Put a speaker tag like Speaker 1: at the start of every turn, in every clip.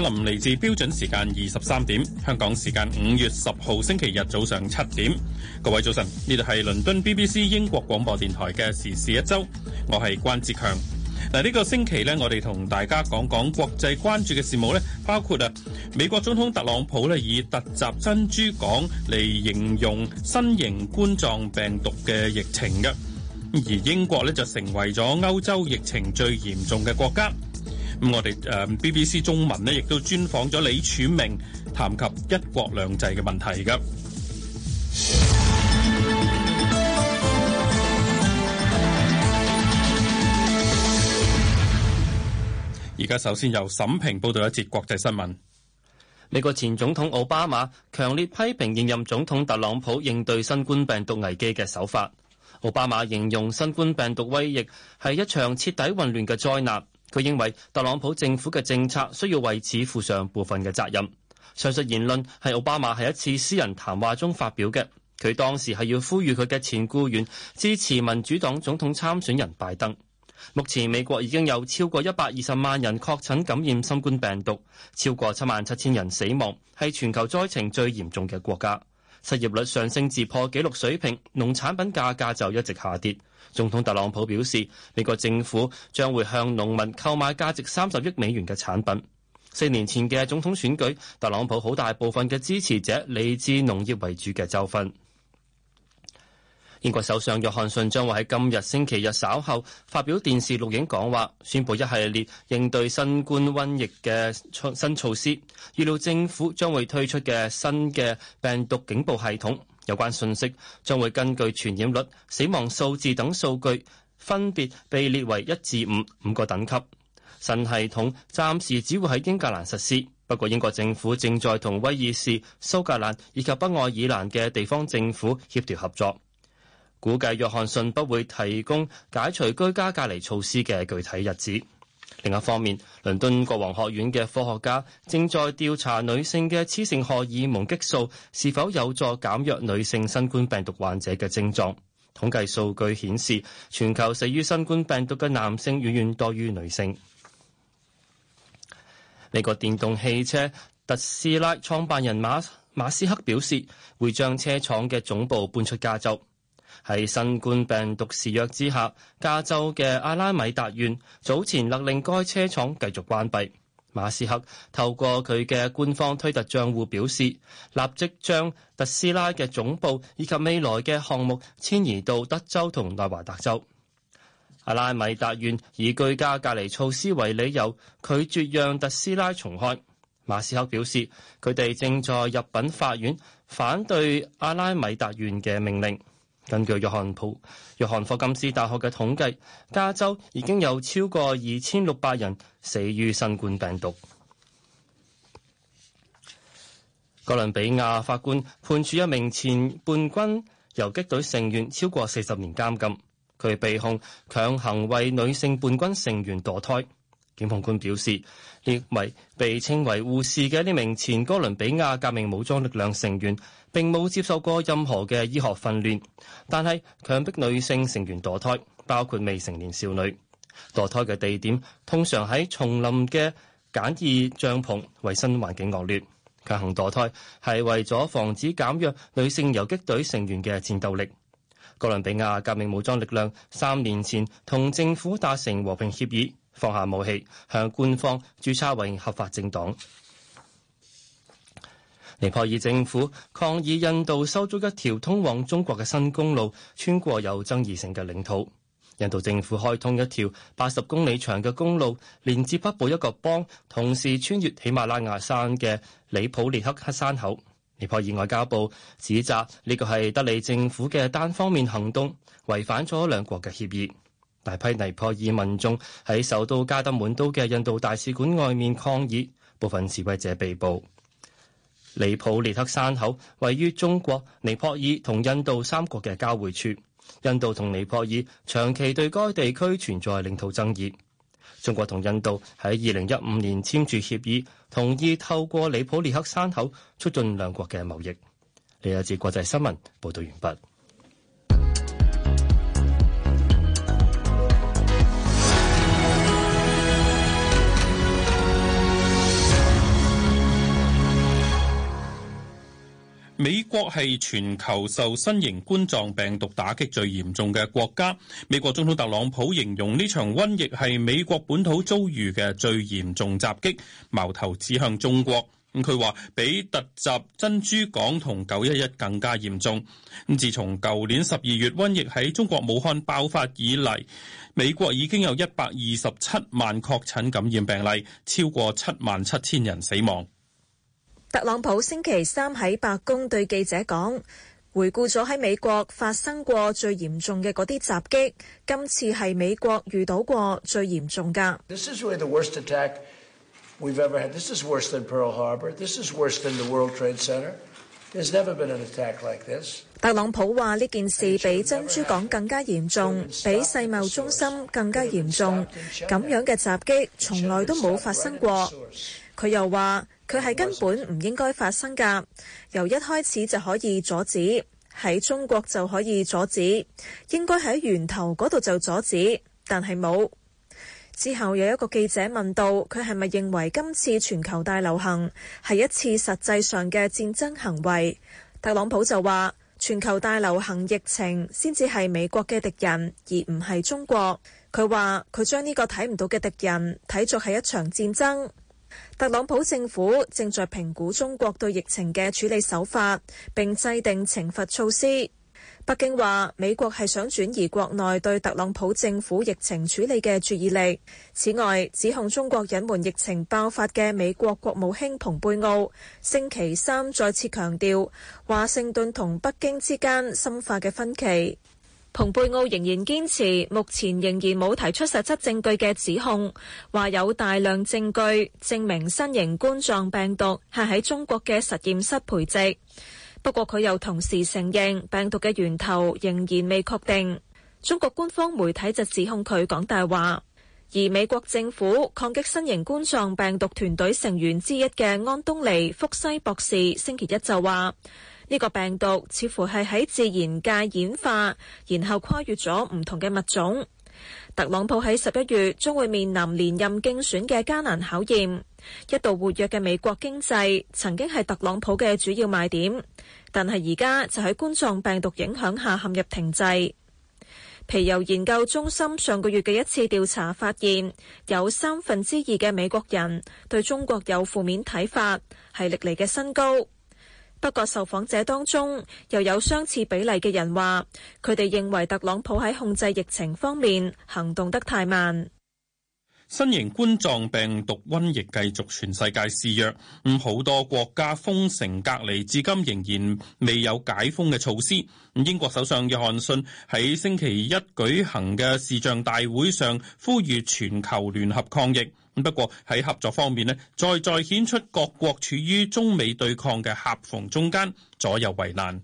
Speaker 1: 林嚟自標準時間二十三點，香港時間五月十號星期日早上七點。各位早晨，呢度係倫敦 BBC 英國廣播電台嘅時事一周，我係關志強。嗱，呢個星期咧，我哋同大家講講國際關注嘅事務咧，包括啊，美國總統特朗普咧以突襲珍珠港嚟形容新型冠狀病毒嘅疫情嘅，而英國咧就成為咗歐洲疫情最嚴重嘅國家。咁我哋誒 BBC 中文呢亦都專訪咗李柱銘，談及一國兩制嘅問題噶。而家首先由沈平報道一節國際新聞。
Speaker 2: 美國前總統奧巴馬強烈批評現任總統特朗普應對新冠病毒危機嘅手法。奧巴馬形容新冠病毒瘟疫係一場徹底混亂嘅災難。佢認為特朗普政府嘅政策需要為此負上部分嘅責任。上述言論係奧巴馬喺一次私人談話中發表嘅，佢當時係要呼籲佢嘅前僱員支持民主黨總統參選人拜登。目前美國已經有超過一百二十萬人確診感染新冠病毒，超過七萬七千人死亡，係全球災情最嚴重嘅國家。失業率上升至破紀錄水平，農產品價格就一直下跌。總統特朗普表示，美國政府將會向農民購買價值三十億美元嘅產品。四年前嘅總統選舉，特朗普好大部分嘅支持者理之農業為主嘅州份。英國首相約翰遜將會喺今日星期日稍後發表電視錄影講話，宣布一系列應對新冠瘟疫嘅新措施，預料政府將會推出嘅新嘅病毒警報系統。有關信息將會根據傳染率、死亡數字等數據，分別被列為一至五五個等級。新系統暫時只會喺英格蘭實施，不過英國政府正在同威爾士、蘇格蘭以及北愛爾蘭嘅地方政府協調合作。估計約翰遜不會提供解除居家隔離措施嘅具體日子。另一方面，倫敦國王學院嘅科學家正在調查女性嘅雌性荷爾蒙激素是否有助減弱女性新冠病毒患者嘅症狀。統計數據顯示，全球死於新冠病毒嘅男性遠遠多於女性。美國電動汽車特斯拉創辦人馬馬斯克表示，會將車廠嘅總部搬出加州。喺新冠病毒肆虐之下，加州嘅阿拉米達縣早前勒令該車廠繼續關閉。馬斯克透過佢嘅官方推特賬戶表示，立即將特斯拉嘅總部以及未來嘅項目遷移到德州同內華達州。阿拉米達縣以居家隔離措施為理由，拒絕讓特斯拉重開。馬斯克表示，佢哋正在入稟法院反對阿拉米達縣嘅命令。根據約翰普約翰霍金斯大學嘅統計，加州已經有超過二千六百人死於新冠病毒。哥倫比亞法官判處一名前叛軍遊擊隊成員超過四十年監禁，佢被控強行為女性叛軍成員墮胎。檢控官表示，因為被稱為護士嘅呢名前哥倫比亞革命武裝力量成員並冇接受過任何嘅醫學訓練，但係強迫女性成員墮胎，包括未成年少女。墮胎嘅地點通常喺叢林嘅簡易帳篷，衛生環境惡劣。強行墮胎係為咗防止減弱女性游擊隊成員嘅戰鬥力。哥倫比亞革命武裝力量三年前同政府達成和平協議。放下武器，向官方註冊為合法政黨。
Speaker 3: 尼泊
Speaker 2: 爾政府抗議印度修築一條通往中國嘅新公路，穿過有爭議性嘅領土。印度政府開通一條八十公里長嘅公路，連接北部一個邦，同時穿越喜馬拉雅山嘅里普列克克山口。尼泊爾外交部指責呢個係德里政府嘅單方面行動，違反咗兩國嘅協議。大批尼泊爾民眾喺首都加德滿都嘅印度大使館外面抗議，部分示威者被捕。尼普列克山口位於中國、尼泊爾同印度三國嘅交匯處，印度同尼泊爾長期對該地區存在領土爭議。中國同印度喺二零一五年簽署協議，同意透過尼普列克山口促進兩國嘅貿易。呢一節國際新聞報道完畢。
Speaker 1: 美國係全球受新型冠狀病毒打擊最嚴重嘅國家。美國總統特朗普形容呢場瘟疫係美國本土遭遇嘅最嚴重襲擊，矛頭指向中國。咁佢話比突襲珍珠港同九一一更加嚴重。咁自從舊年十二月瘟疫喺中國武漢爆發以嚟，美國已經有一百二十七萬確診感染病例，超過七萬七千人死亡。
Speaker 4: 特朗普星期三喺白宮對記者講：回顧咗喺美國發生過最嚴重嘅嗰啲襲擊，今次係美國遇到過最嚴重㗎。
Speaker 5: This is the
Speaker 3: worst attack we've ever had. This is worse than Pearl Harbor. This is worse than the World Trade Center. There's never been an attack like this.
Speaker 4: 特朗普話呢件事比珍珠港更加嚴重，比世貿中心更加嚴重。咁樣嘅襲擊從來都冇發生過。佢又話。佢係根本唔應該發生㗎，由一開始就可以阻止，喺中國就可以阻止，應該喺源頭嗰度就阻止，但係冇。之後有一個記者問到，佢係咪認為今次全球大流行係一次實際上嘅戰爭行為？特朗普就話，全球大流行疫情先至係美國嘅敵人，而唔係中國。佢話，佢將呢個睇唔到嘅敵人睇作係一場戰爭。特朗普政府正在評估中國對疫情嘅處理手法，並制定懲罰措施。北京話，美國係想轉移國內對特朗普政府疫情處理嘅注意力。此外，指控中國隱瞞疫情爆發嘅美國國務卿蓬佩奧星期三再次強調華盛頓同北京之間深化嘅分歧。蓬佩奧仍然堅持，目前仍然冇提出實質證據嘅指控，話有大量證據證明新型冠狀病毒係喺中國嘅實驗室培植。不過，佢又同時承認病毒嘅源頭仍然未確定。中國官方媒體就指控佢講大話。而美國政府抗擊新型冠狀病毒團隊成員之一嘅安東尼福西博士星期一就話。呢個病毒似乎係喺自然界演化，然後跨越咗唔同嘅物種。特朗普喺十一月將會面臨連任競選嘅艱難考驗。一度活躍嘅美國經濟曾經係特朗普嘅主要賣點，但係而家就喺冠狀病毒影響下陷入停滯。皮尤研究中心上個月嘅一次調查發現，有三分之二嘅美國人對中國有負面睇法，係歷嚟嘅新高。不過，受訪者當中又有相似比例嘅人話，佢哋認為特朗普喺控制疫情方面行動得太慢。
Speaker 1: 新型冠狀病毒瘟疫繼續全世界肆虐，咁好多國家封城隔離，至今仍然未有解封嘅措施。英國首相約翰遜喺星期一舉行嘅視像大會上，呼籲全球聯合抗疫。不過喺合作方面咧，再再顯出各國處於中美對抗嘅夾縫中間，左右為難。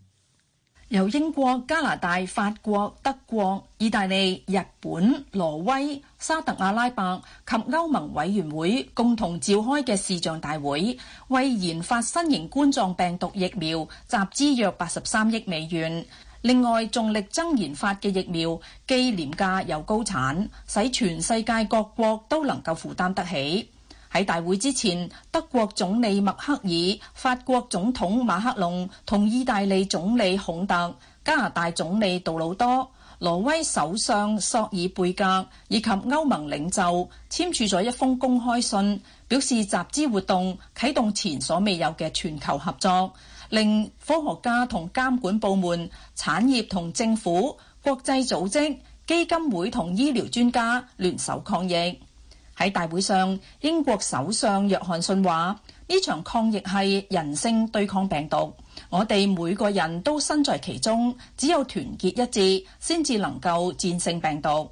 Speaker 6: 由英國、加拿大、法國、德國、意大利、日本、挪威、沙特阿拉伯及歐盟委員會共同召開嘅視像大會，為研發新型冠狀病毒疫苗集資約八十三億美元。另外，重力增研發嘅疫苗既廉價又高產，使全世界各國都能夠負擔得起。喺大會之前，德國總理默克爾、法國總統馬克龍、同意大利總理孔特、加拿大總理杜魯多、挪威首相索爾貝格以及歐盟領袖簽署咗一封公開信，表示集資活動啟動前所未有嘅全球合作。令科學家同監管部門、產業同政府、國際組織、基金會同醫療專家聯手抗疫。喺大會上，英國首相約翰遜話：呢場抗疫係人性對抗病毒，我哋每個人都身在其中，只有團結一致先至能夠戰勝病毒。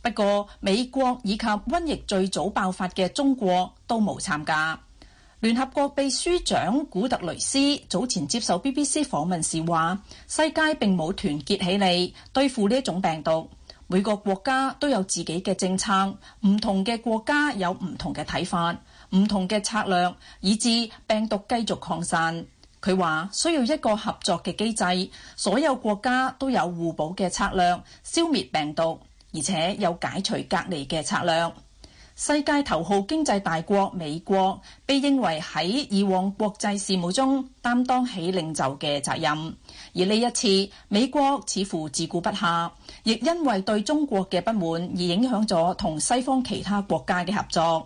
Speaker 6: 不過，美國以及瘟疫最早爆發嘅中國都冇參加。聯合國秘書長古特雷斯早前接受 BBC 訪問時話：世界並冇團結起嚟對付呢一種病毒，每個國家都有自己嘅政策，唔同嘅國家有唔同嘅睇法，唔同嘅策略，以致病毒繼續擴散。佢話需要一個合作嘅機制，所有國家都有互補嘅策略，消滅病毒，而且有解除隔離嘅策略。世界頭號經濟大國美國被認為喺以往國際事務中擔當起領袖嘅責任，而呢一次美國似乎自顧不暇，亦因為對中國嘅不滿而影響咗同西方其他國家嘅合作。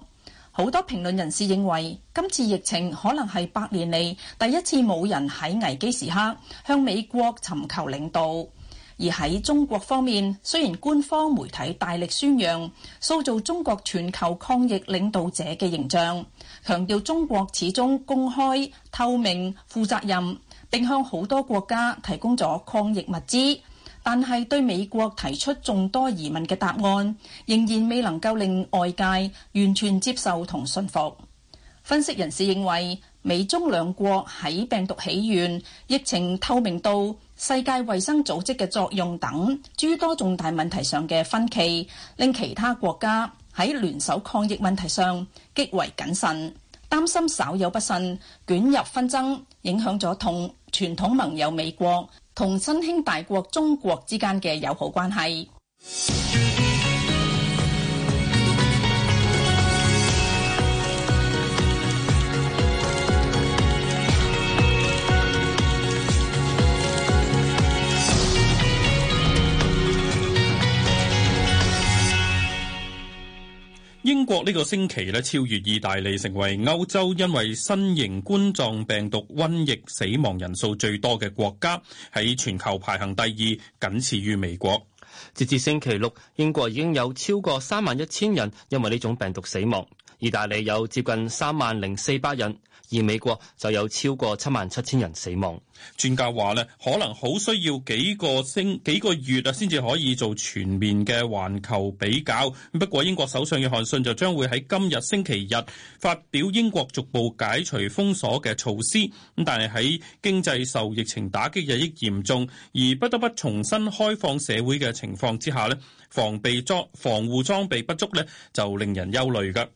Speaker 6: 好多評論人士認為，今次疫情可能係百年嚟，第一次冇人喺危機時刻向美國尋求領導。而喺中國方面，雖然官方媒體大力宣揚，塑造中國全球抗疫領導者嘅形象，強調中國始終公開、透明、負責任，並向好多國家提供咗抗疫物資，但係對美國提出眾多疑問嘅答案，仍然未能夠令外界完全接受同信服。分析人士認為，美中兩國喺病毒起源、疫情透明度、世界衛生組織嘅作用等諸多重大問題上嘅分歧，令其他國家喺聯手抗疫問題上極為謹慎，擔心稍有不慎捲入紛爭，影響咗同傳統盟友美國同新興大國中國之間嘅友好關係。
Speaker 1: 英國呢個星期咧，超越意大利，成為歐洲因為新型冠狀病毒瘟疫死亡人數最多嘅國家，喺全球排行第二，僅次於美國。
Speaker 2: 截至星期六，英國已經有超過三萬一千人因為呢種病毒死亡，意大利有接近三萬零四百人。而美國就有超過七萬七千人死
Speaker 1: 亡。專家話咧，可能好需要幾個星幾個月啊，先至可以做全面嘅環球比較。不過英國首相約翰遜就將會喺今日星期日發表英國逐步解除封鎖嘅措施。咁但係喺經濟受疫情打擊日益嚴重，而不得不重新開放社會嘅情況之下，呢防備裝防護裝備不足，呢就令人憂慮㗎。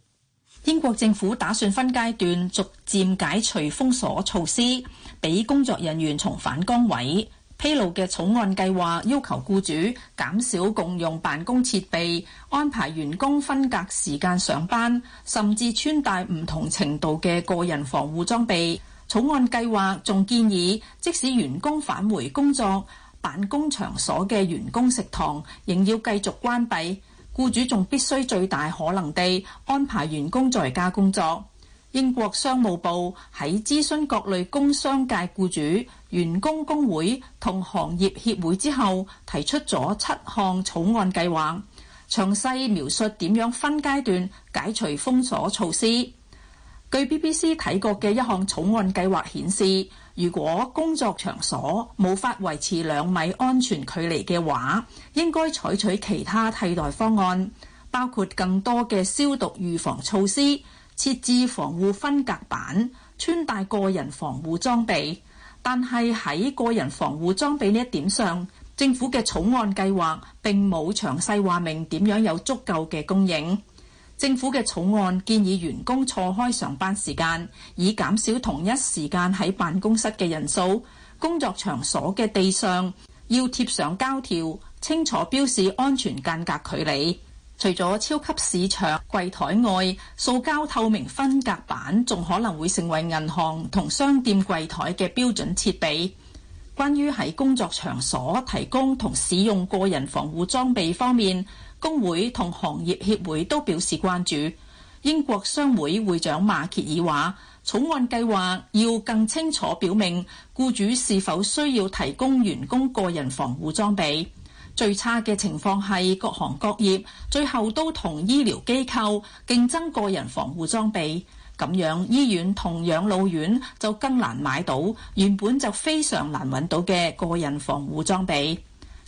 Speaker 6: 英國政府打算分階段逐漸解除封鎖措施，俾工作人員重返崗位。披露嘅草案計劃要求僱主減少共用辦公設備，安排員工分隔時間上班，甚至穿戴唔同程度嘅個人防護裝備。草案計劃仲建議，即使員工返回工作，辦公場所嘅員工食堂仍要繼續關閉。僱主仲必須最大可能地安排員工在家工作。英國商務部喺諮詢各類工商界、僱主、員工工會同行業協會之後，提出咗七項草案計劃，詳細描述點樣分階段解除封鎖措施。據 BBC 睇過嘅一項草案計劃顯示，如果工作場所冇法維持兩米安全距離嘅話，應該採取其他替代方案，包括更多嘅消毒預防措施、設置防護分隔板、穿戴個人防護裝備。但係喺個人防護裝備呢一點上，政府嘅草案計劃並冇詳細話明點樣有足夠嘅供應。政府嘅草案建議員工錯開上班時間，以減少同一時間喺辦公室嘅人數。工作場所嘅地上要貼上膠條，清楚標示安全間隔距離。除咗超級市場櫃台外，塑膠透明分隔板仲可能會成為銀行同商店櫃台嘅標準設備。關於喺工作場所提供同使用個人防護裝備方面，工會同行業協會都表示關注。英國商會會長馬歇爾話，草案計劃要更清楚表明僱主是否需要提供員工個人防護裝備。最差嘅情況係各行各業最後都同醫療機構競爭個人防護裝備，咁樣醫院同養老院就更難買到原本就非常難揾到嘅個人防護裝備。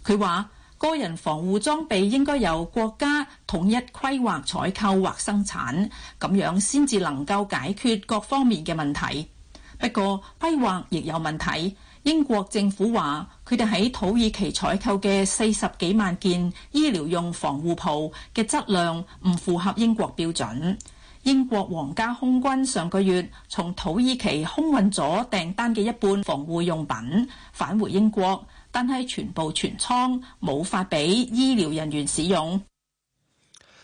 Speaker 6: 佢話。個人防護裝備應該由國家統一規劃採購或生產，咁樣先至能夠解決各方面嘅問題。不過規劃亦有問題，英國政府話佢哋喺土耳其採購嘅四十幾萬件醫療用防護袍嘅質量唔符合英國標準。英國皇家空軍上個月從土耳其空運咗訂單嘅一半防護用品返回英國。但係全部存倉，冇法俾醫療人員使用。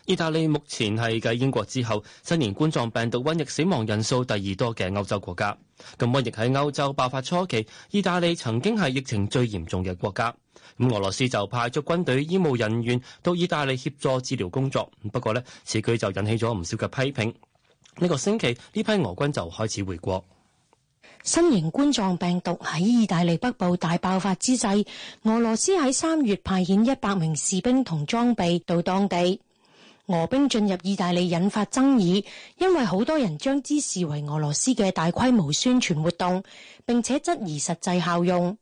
Speaker 2: 意大利目前係繼英國之後，新年冠狀病毒瘟疫死亡人數第二多嘅歐洲國家。咁瘟疫喺歐洲爆發初期，意大利曾經係疫情最嚴重嘅國家。咁俄羅斯就派出軍隊醫務人員到意大利協助治療工作，不過呢，此舉就引起咗唔少嘅批評。呢、呢個星期，呢批俄軍就開始回國。
Speaker 7: 新型冠狀病毒喺意大利北部大爆發之際，俄羅斯喺三月派遣一百名士兵同裝備到當地。俄兵進入意大利引發爭議，因為好多人將之視為俄羅斯嘅大規模宣傳活動，並且質疑實際效用。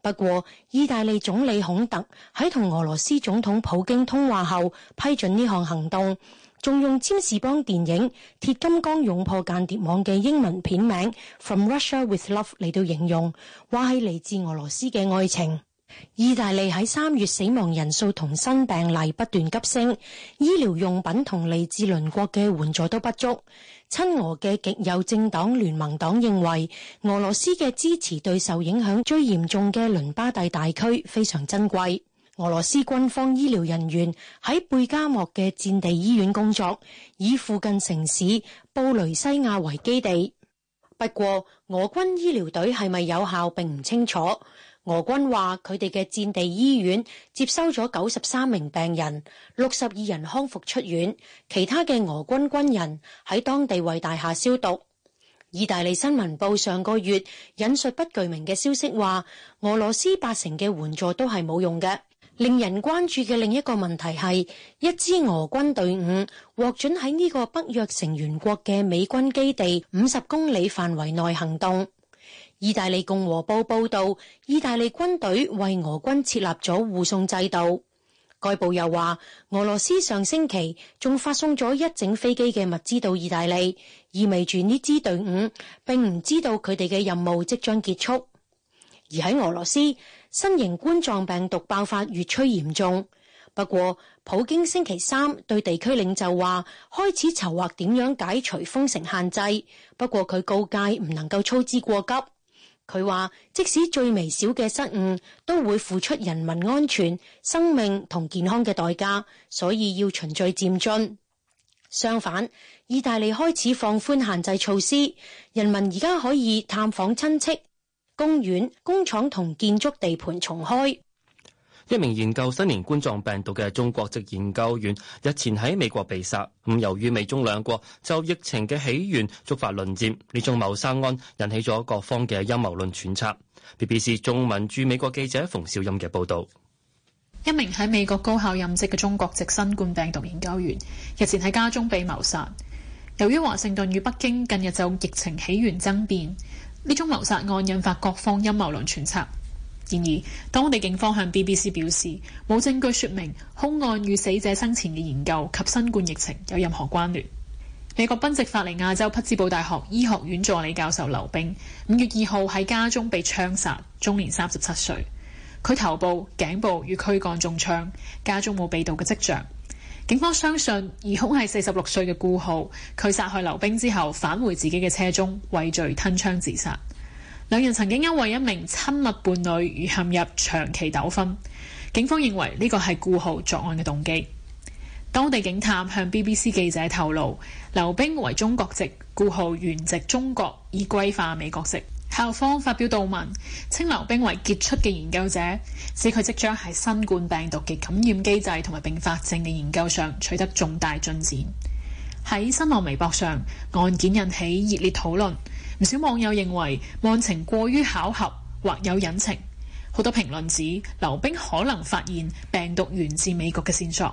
Speaker 7: 不過，意大利總理孔特喺同俄羅斯總統普京通話後，批准呢項行動。仲用占士邦電影《鐵金剛勇破間諜網》嘅英文片名 From Russia With Love 嚟到形容，話係嚟自俄羅斯嘅愛情。意大利喺三月死亡人數同新病例不斷急升，醫療用品同嚟自鄰國嘅援助都不足。親俄嘅極右政黨聯盟黨認為，俄羅斯嘅支持對受影響最嚴重嘅倫巴第大區非常珍貴。俄羅斯軍方醫療人員喺貝加莫嘅戰地醫院工作，以附近城市布雷西亞為基地。不過，俄軍醫療隊係咪有效並唔清楚。俄軍話佢哋嘅戰地醫院接收咗九十三名病人，六十二人康復出院，其他嘅俄軍軍人喺當地為大廈消毒。意大利新聞報上個月引述不具名嘅消息話，俄羅斯八成嘅援助都係冇用嘅。令人關注嘅另一個問題係一支俄軍隊伍獲准喺呢個北約成員國嘅美軍基地五十公里範圍內行動。意大利共和報報道，意大利軍隊為俄軍設立咗護送制度。該報又話，俄羅斯上星期仲發送咗一整飛機嘅物資到意大利，意味住呢支隊伍並唔知道佢哋嘅任務即將結束。而喺俄羅斯。新型冠狀病毒爆發越趨嚴重，不過普京星期三對地區領袖話開始籌劃點樣解除封城限制，不過佢告誡唔能夠操之過急。佢話即使最微小嘅失誤都會付出人民安全、生命同健康嘅代價，所以要循序漸進。相反，意大利開始放寬限制措施，人民而家可以探訪親戚。公園、工廠同建築地盤重開。
Speaker 2: 一名研究新型冠狀病毒嘅中國籍研究員日前喺美國被殺。咁由於美中兩國就疫情嘅起源觸發論戰，呢宗謀殺案引起咗各方嘅陰謀論揣測。BBC 中文駐美國記者馮少欽嘅報道：
Speaker 8: 一名喺美國高校任職嘅中國籍新冠病毒研究員日前喺家中被謀殺。由於華盛頓與北京近日就疫情起源爭辯。呢宗謀殺案引發各方陰謀論揣測，然而當地警方向 BBC 表示，冇證據說明凶案與死者生前嘅研究及新冠疫情有任何關聯。美國賓夕法尼亞州匹茲堡大學醫學院助理教授劉冰，五月二號喺家中被槍殺，終年三十七歲。佢頭部、頸部與軀幹中槍，家中冇被盜嘅跡象。警方相信疑兇係四十六歲嘅顧浩，佢殺害劉冰之後返回自己嘅車中畏罪吞槍自殺。兩人曾經因為一名親密伴侶而陷入長期糾紛，警方認為呢個係顧浩作案嘅動機。當地警探向 BBC 記者透露，劉冰為中國籍，顧浩原籍中國，已歸化美國籍。校方發表悼文，稱劉冰為傑出嘅研究者，指佢即將喺新冠病毒嘅感染機制同埋併發症嘅研究上取得重大進展。喺新浪微博上，案件引起熱烈討論，唔少網友認為案情過於巧合，或有隱情。好多評論指劉冰可能發現病毒源自美國嘅線索。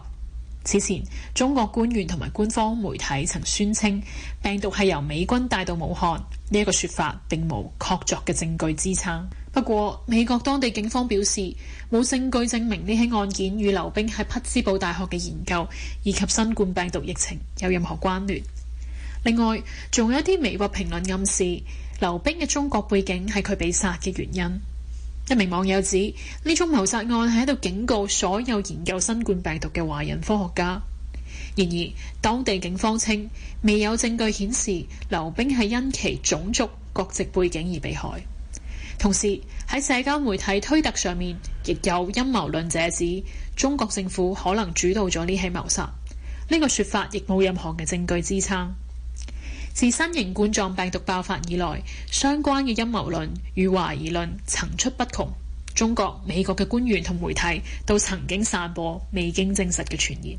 Speaker 8: 此前，中國官員同埋官方媒體曾宣稱病毒係由美軍帶到武漢。呢一個說法並無確鑿嘅證據支撐。不過，美國當地警方表示，冇證據證明呢起案件與劉冰喺匹茲堡大學嘅研究以及新冠病毒疫情有任何關聯。另外，仲有一啲微博評論暗示，劉冰嘅中國背景係佢被殺嘅原因。一名網友指，呢宗謀殺案係喺度警告所有研究新冠病毒嘅華人科學家。然而，當地警方稱未有證據顯示劉冰係因其種族、國籍背景而被害。同時喺社交媒體推特上面，亦有陰謀論者指中國政府可能主導咗呢起謀殺。呢、這個說法亦冇任何嘅證據支撐。自新型冠狀病毒爆發以來，相關嘅陰謀論與懷疑論層出不窮。中國、美國嘅官員同媒體都曾經散播未經證實嘅傳言。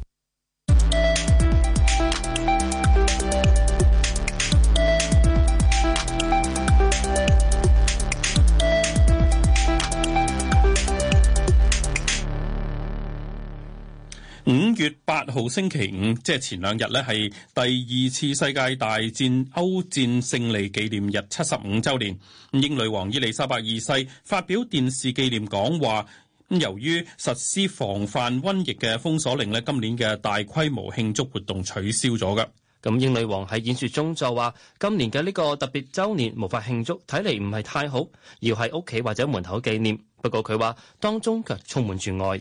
Speaker 1: 五月八號星期五，即係前兩日咧，係第二次世界大戰歐戰勝利紀念日七十五周年。英女王伊麗莎白二世發表電視紀念講話。由於實施防範瘟疫嘅封鎖令咧，今年嘅大規模慶祝活動取消咗嘅。咁英女王喺演說
Speaker 2: 中就話：今年嘅呢個特別周年無法慶祝，睇嚟唔係太好，要喺屋企或者門口紀念。不過佢話當中卻充滿住愛。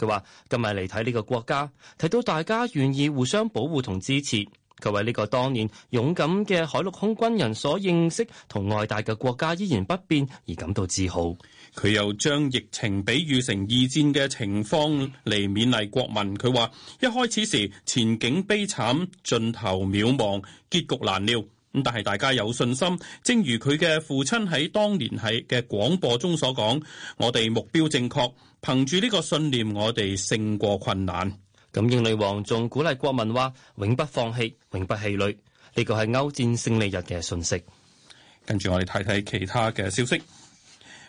Speaker 2: 佢話今日嚟睇呢個國家，睇到大家願意互相保護同支持，佢為呢個當年勇敢嘅海陸空軍人所認識同愛戴嘅國家依然不變而感到自豪。
Speaker 1: 佢又將疫情比喻成二戰嘅情況嚟勉勵國民。佢話一開始時前景悲慘、盡頭渺茫、結局難料，咁但係大家有信心，正如佢嘅父親喺當年喺嘅廣播中所講，我哋目標正確。憑住呢個信念，我哋勝過困難。咁英女王仲鼓勵國民話：永不放棄，永不氣餒。呢個係歐戰勝利日嘅訊息。跟住我哋睇睇其他嘅消息。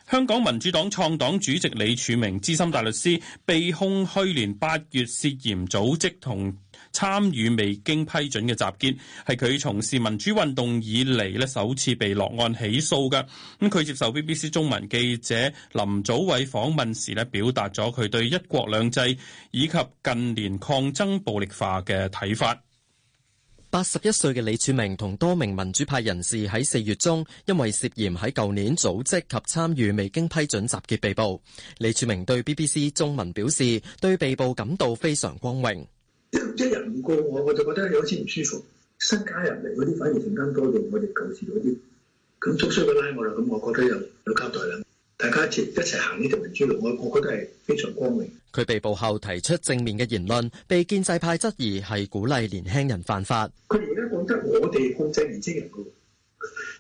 Speaker 1: 香港民主黨創黨主席李柱銘，資深大律師，被控去年八月涉嫌組織同參與未經批准嘅集結，係佢從事民主運動以嚟咧，首次被落案起訴嘅。咁佢接受 BBC 中文記者林祖偉訪問時咧，表達咗佢對一國兩制以及近年抗爭暴力化嘅睇法。八十一歲嘅李柱銘同
Speaker 9: 多名民主派人士喺四月中，因為涉嫌喺舊年組織及參與未經批准集結被捕。李柱銘對 BBC 中文表示，對被捕感到非常光榮。
Speaker 3: 一一人唔過我，我就覺得有啲唔舒服。新加入嚟嗰啲反而成間多到我哋舊時嗰啲。咁足衰佢拉我啦，咁我覺得又有交代啦。大家一齊行呢條民主路，我我覺得係非常光榮。
Speaker 9: 佢被捕後提出正面嘅言論，被建制派質疑係鼓勵年輕人犯法。
Speaker 3: 佢而家講得我哋控制年青人嘅，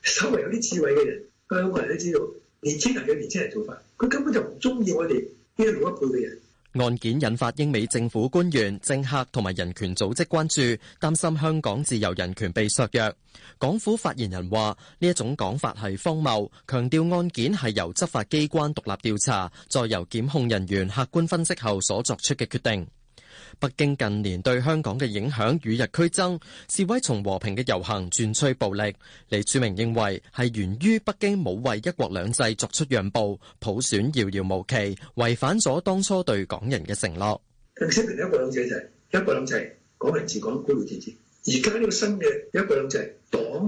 Speaker 3: 稍為有啲智慧嘅人，香港人都知道，年青人有年青人做法，佢根本就唔中意我哋呢一老一輩嘅人。
Speaker 9: 案件引發英美政府官員、政客同埋人權組織關注，擔心香港自由人權被削弱。港府發言人話：呢一種講法係荒謬，強調案件係由執法機關獨立調查，再由檢控人員客觀分析後所作出嘅決定。北京近年對香港嘅影響與日俱增，示威從和平嘅遊行轉趨暴力。李柱銘認為係源於北京冇為一國兩制作出讓步，普選遙遙無期，違反咗當初對港人嘅承諾。
Speaker 3: 而家呢個新嘅一國兩制就係，黨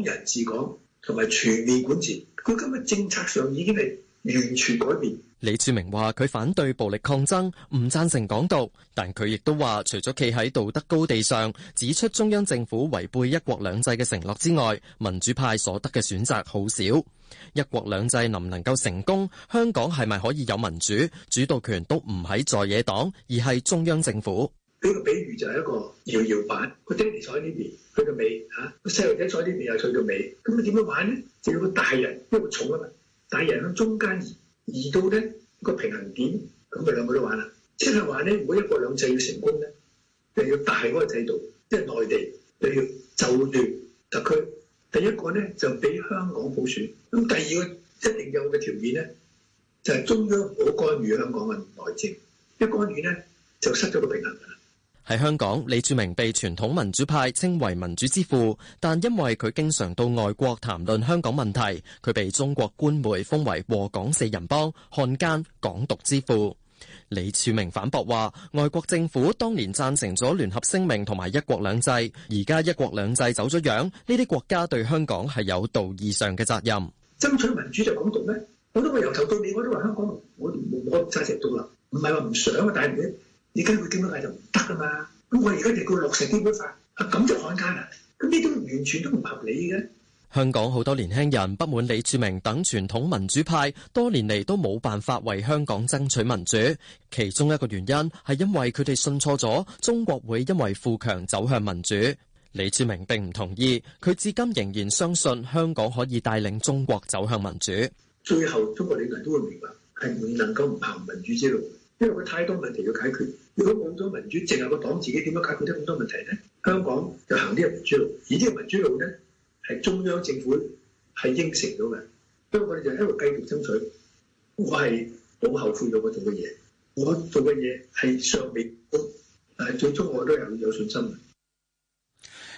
Speaker 3: 人治港，同埋全面管治。佢今日政策上已經係完全改變。
Speaker 9: 李柱銘話：佢反對暴力抗爭，唔贊成港獨，但佢亦都話，除咗企喺道德高地上指出中央政府違背一國兩制嘅承諾之外，民主派所得嘅選擇好少。一國兩制能唔能夠成功？香港係咪可以有民主？主導權都唔喺在野黨，而係中央政府。
Speaker 3: 呢個比喻就係一個搖搖板，個爹哋坐喺呢邊，佢個尾吓，個細路仔坐喺呢邊，又坐佢個尾，咁你點樣玩呢？就要個大人因為重啊嘛，大人喺中間。移到咧、呢個平衡點，咁佢兩個都玩啦。即係話咧，如果一國兩制要成功咧，就要大嗰個制度，即係內地。就要就住特區。第一個咧就俾香港普選。咁第二個一定有嘅條件咧，就係、係、中央唔好干預香港嘅內政。一干預咧就失咗個平衡啦。
Speaker 9: 喺香港，李柱銘被傳統民主派稱為民主之父，但因為佢經常到外國談論香港問題，佢被中國官媒封為禍港四人幫、漢奸、港獨之父。李柱銘反駁話：外國政府當年贊成咗聯合聲明同埋一國兩制，而家一國兩制走咗樣，呢啲國家對香港係有道義上嘅責任。
Speaker 3: 爭取民主就港獨咩？我都話由頭到尾我都話香港我，我我唔贊成獨立，唔係話唔想啊，但係而家佢根本就唔得噶嘛，咁我而家就叫落實基本法，咁、啊、就罕見啦，咁呢啲完全都唔合理
Speaker 9: 嘅。香港好多年輕人不滿李柱銘等傳統民主派多年嚟都冇辦法為香港爭取民主，其中一個原因係因為佢哋信錯咗中國會因為富強走向民主。李柱銘並唔同意，佢至今仍然相信香港可以帶領中國走向民主。
Speaker 3: 最後，中國領導人都會明白，係唔能夠唔行民主之路。因為佢太多問題要解決，如果冇咗民主，淨係個黨自己點樣解決得咁多問題咧？香港就行啲民主路，而呢個民主路咧係中央政府係應承咗嘅，我哋就一路繼續爭取。我係好後悔咗我做嘅嘢，我做嘅嘢係上未，都，但係最終我都有信心。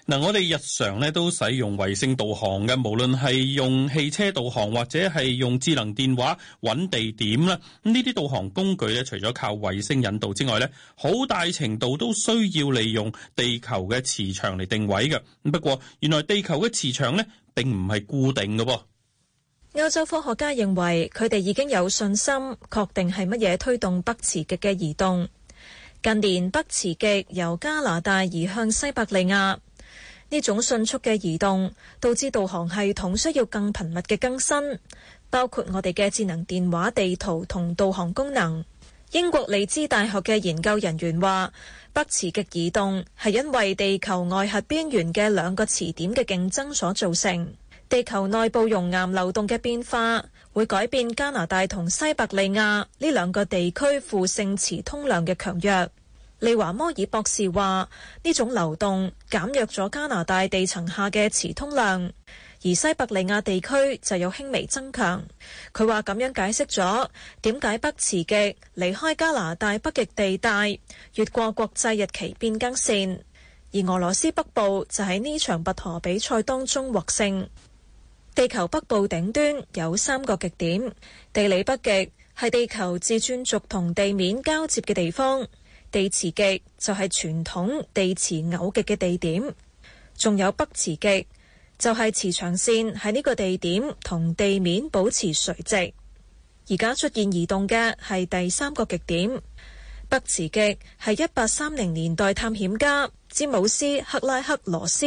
Speaker 1: 嗱，我哋日常咧都使用衛星導航嘅，無論係用汽車導航或者係用智能電話搵地點啦。呢啲導航工具咧，除咗靠衛星引導之外咧，好大程度都需要利用地球嘅磁場嚟定位嘅。不過，原來地球嘅磁場咧，並唔係固定嘅喎。
Speaker 4: 歐洲科學家認為佢哋已經有信心確定係乜嘢推動北磁極嘅移動。近年北磁極由加拿大移向西伯利亞。呢種迅速嘅移動，導致導航系統需要更頻密嘅更新，包括我哋嘅智能電話地圖同導航功能。英國利茲大學嘅研究人員話，北磁極移動係因為地球外核邊緣嘅兩個磁點嘅競爭所造成。地球內部熔岩流動嘅變化，會改變加拿大同西伯利亞呢兩個地區負性磁通量嘅強弱。利華摩爾博士話：呢種流動減弱咗加拿大地層下嘅磁通量，而西伯利亞地區就有輕微增強。佢話咁樣解釋咗點解北磁極離開加拿大北極地帶，越過國際日期變更線，而俄羅斯北部就喺呢場拔河比賽當中獲勝。地球北部頂端有三個極點，地理北極係地球自轉軸同地面交接嘅地方。地磁極就係傳統地磁偶極嘅地點，仲有北磁極，就係磁場線喺呢個地點同地面保持垂直。而家出現移動嘅係第三個極點北磁極，係一八三零年代探險家詹姆斯克拉克羅斯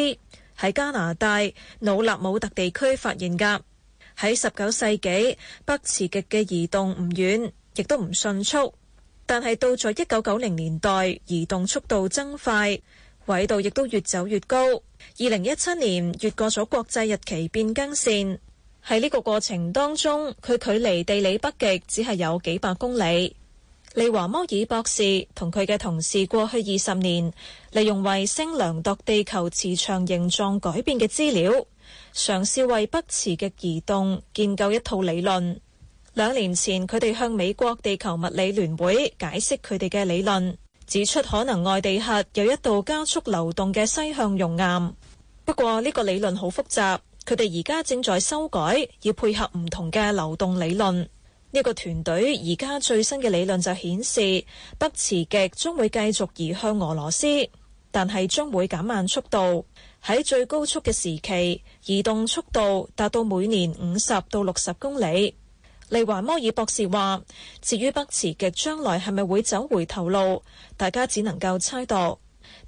Speaker 4: 喺加拿大努納武特地區發現噶。喺十九世紀，北磁極嘅移動唔遠，亦都唔迅速。但係到咗一九九零年代，移動速度增快，緯度亦都越走越高。二零一七年越過咗國際日期變更線。喺呢個過程當中，佢距離地理北極只係有幾百公里。利華摩爾博士同佢嘅同事過去二十年，利用衛星量度地球磁場形狀改變嘅資料，嘗試為北磁極移動建構一套理論。兩年前，佢哋向美國地球物理聯會解釋佢哋嘅理論，指出可能外地核有一道加速流動嘅西向熔岩。不過呢個理論好複雜，佢哋而家正在修改，要配合唔同嘅流動理論。呢個團隊而家最新嘅理論就顯示，北磁極將會繼續移向俄羅斯，但係將會減慢速度。喺最高速嘅時期，移動速度達到每年五十到六十公里。利華摩爾博士話，至於北磁極將來係咪會走回頭路，大家只能夠猜度。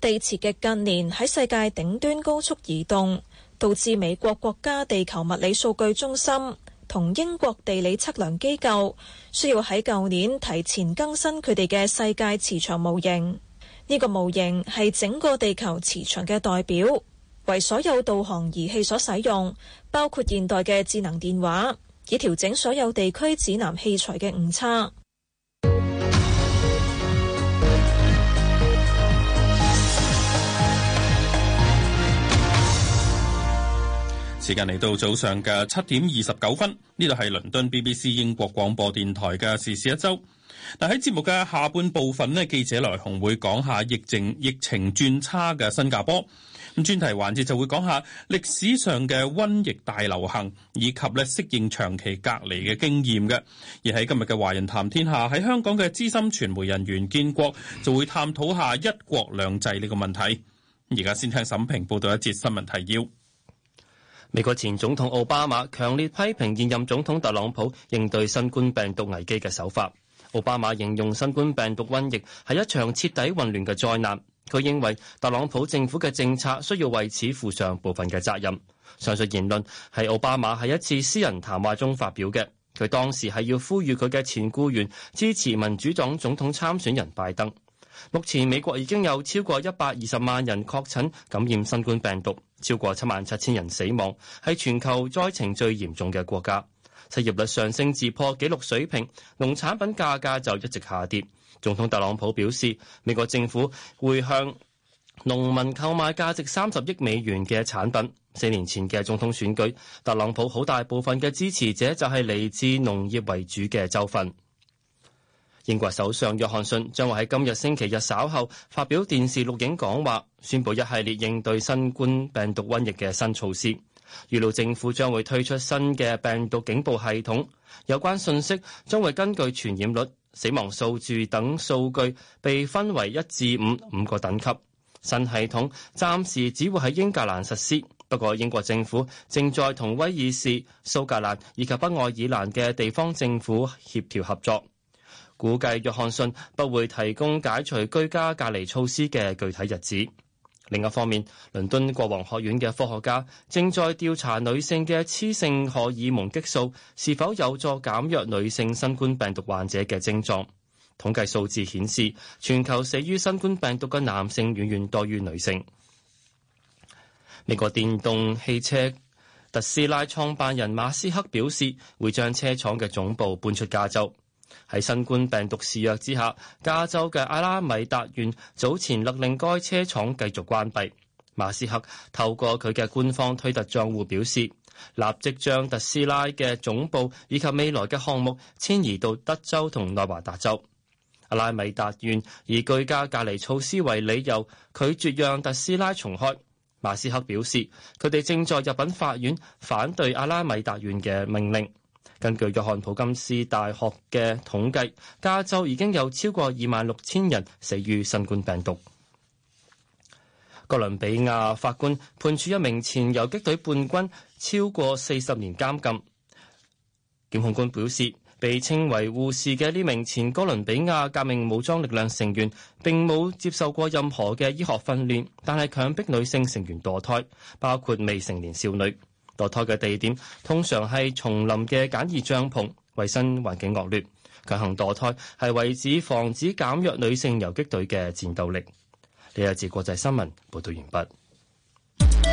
Speaker 4: 地磁極近年喺世界頂端高速移動，導致美國國家地球物理數據中心同英國地理測量機構需要喺舊年提前更新佢哋嘅世界磁場模型。呢個模型係整個地球磁場嘅代表，為所有導航儀器所使用，包括現代嘅智能電話。以調整所有地區指南器材嘅誤差。
Speaker 1: 時間嚟到早上嘅七點二十九分，呢度係倫敦 BBC 英國廣播電台嘅「時事一周」。但喺節目嘅下半部分呢，記者萊紅會講下疫情疫情轉差嘅新加坡。專題環節就會講下歷史上嘅瘟疫大流行，以及咧適應長期隔離嘅經驗嘅。而喺今日嘅華人談天下，喺香港嘅資深傳媒人員建國就會探討下一國兩制呢個問題。而家先聽沈平報道一節新聞提要。
Speaker 2: 美國前總統奧巴馬強烈批評現任總統特朗普應對新冠病毒危機嘅手法。奧巴馬形容新冠病毒瘟疫係一場徹底混亂嘅災難。佢認為特朗普政府嘅政策需要為此負上部分嘅責任。上述言論係奧巴馬喺一次私人談話中發表嘅，佢當時係要呼籲佢嘅前僱員支持民主黨總統參選人拜登。目前美國已經有超過一百二十萬人確診感染新冠病毒，超過七萬七千人死亡，係全球災情最嚴重嘅國家。失業率上升至破紀錄水平，農產品價格就一直下跌。總統特朗普表示，美國政府會向農民購買價值三十億美元嘅產品。四年前嘅總統選舉，特朗普好大部分嘅支持者就係嚟自農業為主嘅州份。英國首相約翰遜將會喺今日星期日稍後發表電視錄影講話，宣佈一系列應對新冠病毒瘟疫嘅新措施。預料政府將會推出新嘅病毒警報系統，有關信息將會根據傳染率。死亡數字等數據被分為一至五五個等級。新系統暫時只會喺英格蘭實施，不過英國政府正在同威爾士、蘇格蘭以及北愛爾蘭嘅地方政府協調合作，估計約翰遜不會提供解除居家隔離措施嘅具體日子。另一方面，倫敦國王學院嘅科學家正在調查女性嘅雌性荷爾蒙激素是否有助減弱女性新冠病毒患者嘅症狀。統計數字顯示，全球死於新冠病毒嘅男性遠遠多於女性。美國電動汽車特斯拉創辦人馬斯克表示，會將車廠嘅總部搬出加州。喺新冠病毒肆虐之下，加州嘅阿拉米達縣早前勒令該車廠繼續關閉。馬斯克透過佢嘅官方推特賬戶表示，立即將特斯拉嘅總部以及未來嘅項目遷移到德州同內華達州。阿拉米達縣以居家隔離措施為理由，拒絕讓特斯拉重開。馬斯克表示，佢哋正在入稟法院反對阿拉米達縣嘅命令。根據約翰普金斯大學嘅統計，加州已經有超過二萬六千人死於新冠病毒。哥倫比亞法官判處一名前游擊隊叛軍超過四十年監禁。檢控官表示，被稱為護士嘅呢名前哥倫比亞革命武裝力量成員並冇接受過任何嘅醫學訓練，但係強迫女性成員墮胎，包括未成年少女。墮胎嘅地點通常係叢林嘅簡易帳篷，衛生環境惡劣。強行墮胎係為止防止減弱女性游擊隊嘅戰鬥力。呢一節國際新聞報道完畢。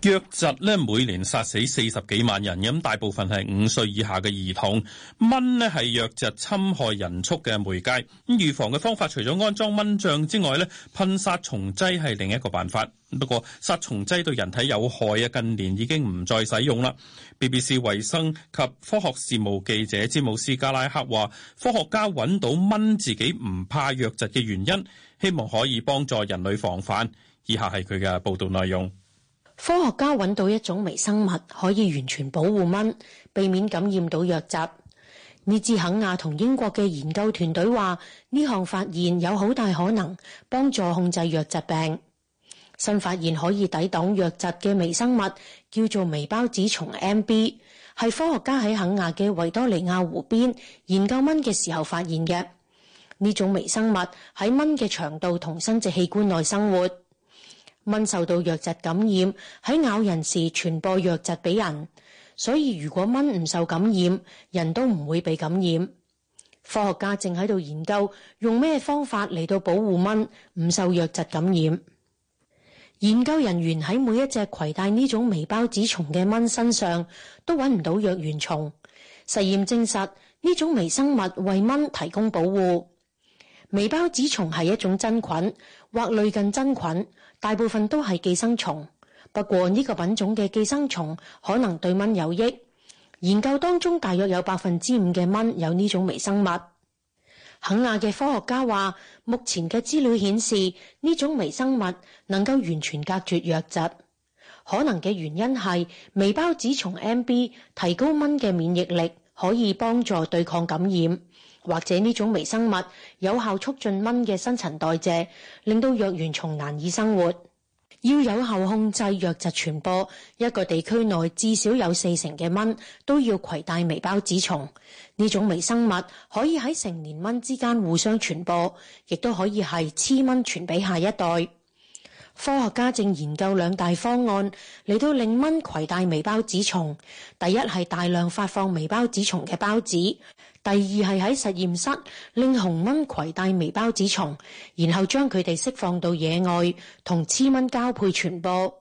Speaker 1: 瘧疾咧每年殺死四十幾萬人，咁大部分係五歲以下嘅兒童。蚊咧係瘧疾侵害人畜嘅媒介。咁預防嘅方法除咗安裝蚊帳之外咧，噴殺蟲劑係另一個辦法。不過殺蟲劑對人體有害啊，近年已經唔再使用啦。BBC 衛生及科學事務記者詹姆斯加拉克話：科學家揾到蚊自己唔怕瘧疾嘅原因，希望可以幫助人類防範。以下係佢嘅報道內容。
Speaker 7: 科學家揾到一種微生物，可以完全保護蚊，避免感染到瘧疾。呢支肯亞同英國嘅研究團隊話，呢項發現有好大可能幫助控制瘧疾病。新發現可以抵擋瘧疾嘅微生物，叫做微孢子蟲 M.B.，係科學家喺肯亞嘅維多利亞湖邊研究蚊嘅時候發現嘅。呢種微生物喺蚊嘅腸道同生殖器官內生活。蚊受到瘧疾感染，喺咬人時傳播瘧疾俾人，所以如果蚊唔受感染，人都唔會被感染。科學家正喺度研究用咩方法嚟到保護蚊唔受瘧疾感染。研究人員喺每一隻攜帶呢種微孢子蟲嘅蚊身上都揾唔到瘧原蟲。實驗證實呢種微生物為蚊提供保護。微孢子蟲係一種真菌或類近真菌。大部分都係寄生蟲，不過呢個品種嘅寄生蟲可能對蚊有益。研究當中，大約有百分之五嘅蚊有呢種微生物。肯亞嘅科學家話，目前嘅資料顯示，呢種微生物能夠完全隔絕瘧疾。可能嘅原因係微孢子蟲 MB 提高蚊嘅免疫力，可以幫助對抗感染。或者呢種微生物有效促進蚊嘅新陳代謝，令到瘧原蟲難以生活。要有效控制瘧疾傳播，一個地區內至少有四成嘅蚊都要携帶微孢子蟲。呢種微生物可以喺成年蚊之間互相傳播，亦都可以係雌蚊傳俾下一代。科學家正研究兩大方案嚟到令蚊携帶微孢子蟲。第一係大量發放微孢子蟲嘅孢子。第二係喺實驗室令雄蚊攜帶微孢子蟲，然後將佢哋釋放到野外同雌蚊交配傳播。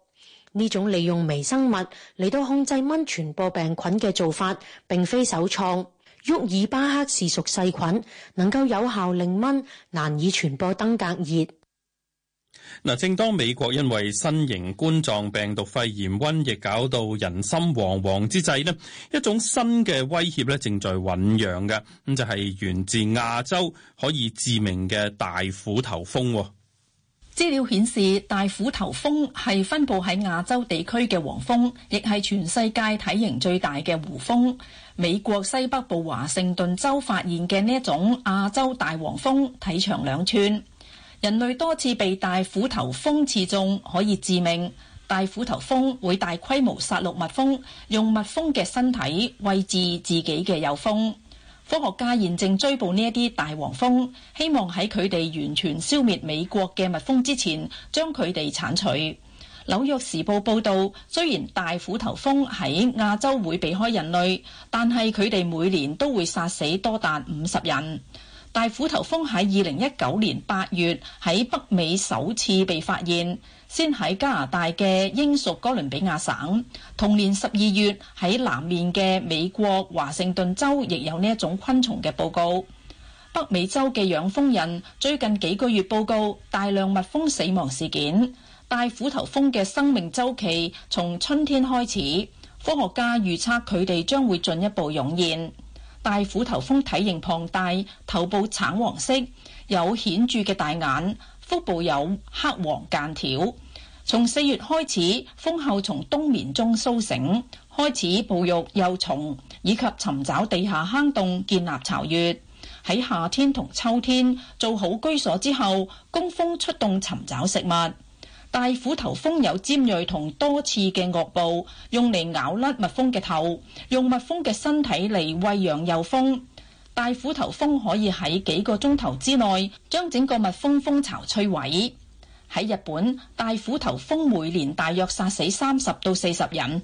Speaker 7: 呢種利用微生物嚟到控制蚊傳播病菌嘅做法，並非首創。沃爾巴克氏屬細菌能夠有效令蚊難以傳播登革熱。
Speaker 1: 嗱，正當美國因為新型冠狀病毒肺炎瘟疫搞到人心惶惶之際咧，一種新嘅威脅咧正在醞釀嘅，咁就係源自亞洲可以致命嘅大虎頭蜂。
Speaker 6: 資料顯示，大虎頭蜂係分布喺亞洲地區嘅黃蜂，亦係全世界體型最大嘅胡蜂。美國西北部華盛頓州發現嘅呢一種亞洲大黃蜂，體長兩寸。人類多次被大虎頭蜂刺中，可以致命。大虎頭蜂會大規模殺戮蜜蜂，用蜜蜂嘅身體餵飼自己嘅幼蜂。科學家現正追捕呢一啲大黃蜂，希望喺佢哋完全消滅美國嘅蜜蜂之前，將佢哋鏟除。紐約時報報道，雖然大虎頭蜂喺亞洲會避開人類，但係佢哋每年都會殺死多達五十人。大虎頭蜂喺二零一九年八月喺北美首次被發現，先喺加拿大嘅英屬哥倫比亞省。同年十二月喺南面嘅美國華盛頓州亦有呢一種昆蟲嘅報告。北美洲嘅養蜂人最近幾個月報告大量蜜蜂死亡事件。大虎頭蜂嘅生命週期從春天開始，科學家預測佢哋將會進一步湧現。大虎頭蜂體型龐大，頭部橙黃色，有顯著嘅大眼，腹部有黑黃間條。從四月開始，蜂后從冬眠中甦醒，開始哺育幼蟲以及尋找地下坑洞建立巢穴。喺夏天同秋天做好居所之後，工蜂出動尋找食物。大虎頭蜂有尖銳同多刺嘅顎部，用嚟咬甩蜜蜂嘅頭，用蜜蜂嘅身體嚟餵養幼蜂。大虎頭蜂可以喺幾個鐘頭之內將整個蜜蜂蜂，蜂巢摧毀。喺日本，大虎頭蜂每年大約殺死三十到四十人。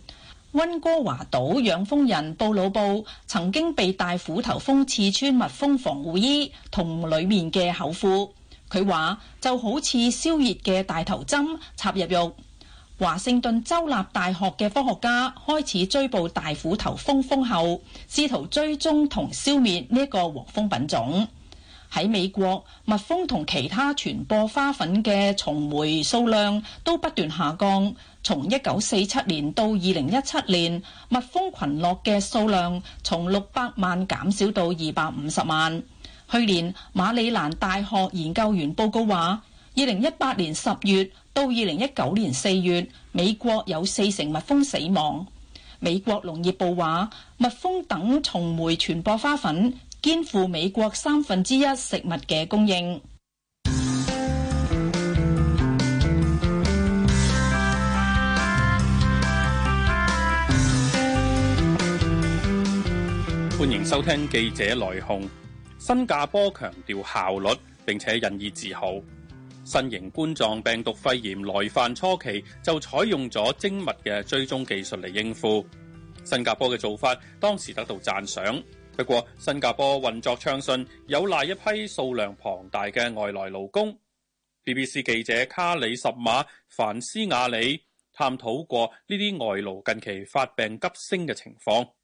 Speaker 6: 溫哥華島養蜂人布魯布曾經被大虎頭蜂刺穿蜜蜂，蜂防護衣同裏面嘅口褲。佢話就好似燒熱嘅大頭針插入肉。華盛頓州立大學嘅科學家開始追捕大虎頭蜂蜂後，試圖追蹤同消滅呢一個黃蜂品種。喺美國，蜜蜂同其他傳播花粉嘅蟲媒數量都不斷下降。從一九四七年到二零一七年，蜜蜂群落嘅數量從六百萬減少到二百五十萬。去年馬里蘭大學研究員報告話，二零一八年十月到二零一九年四月，美國有四成蜜蜂死亡。美國農業部話，蜜蜂等蟲媒傳播花粉，肩負美國三分之一食物嘅供應。
Speaker 1: 歡迎收聽記者來鴻。新加坡強調效率，並且引以自豪。新型冠狀病毒肺炎來犯初期，就採用咗精密嘅追蹤技術嚟應付。新加坡嘅做法當時得到讚賞。不過，新加坡運作暢順，有賴一批數量龐大嘅外來勞工。BBC 記者卡里什馬凡斯瓦里探討過呢啲外勞近期發病急升嘅情
Speaker 10: 況。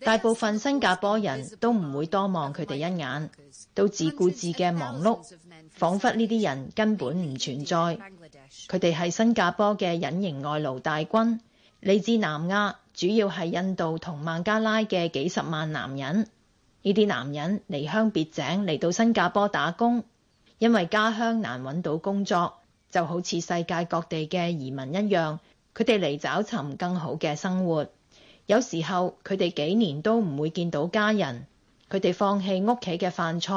Speaker 10: 大部分新加坡人都唔會多望佢哋一眼，都自顧自嘅忙碌，仿佛呢啲人根本唔存在。佢哋係新加坡嘅隱形外勞大軍，嚟自南亞，主要係印度同孟加拉嘅幾十萬男人。呢啲男人離鄉別井嚟到新加坡打工，因為家鄉難揾到工作，就好似世界各地嘅移民一樣，佢哋嚟找尋更好嘅生活。有時候佢哋幾年都唔會見到家人，佢哋放棄屋企嘅飯菜、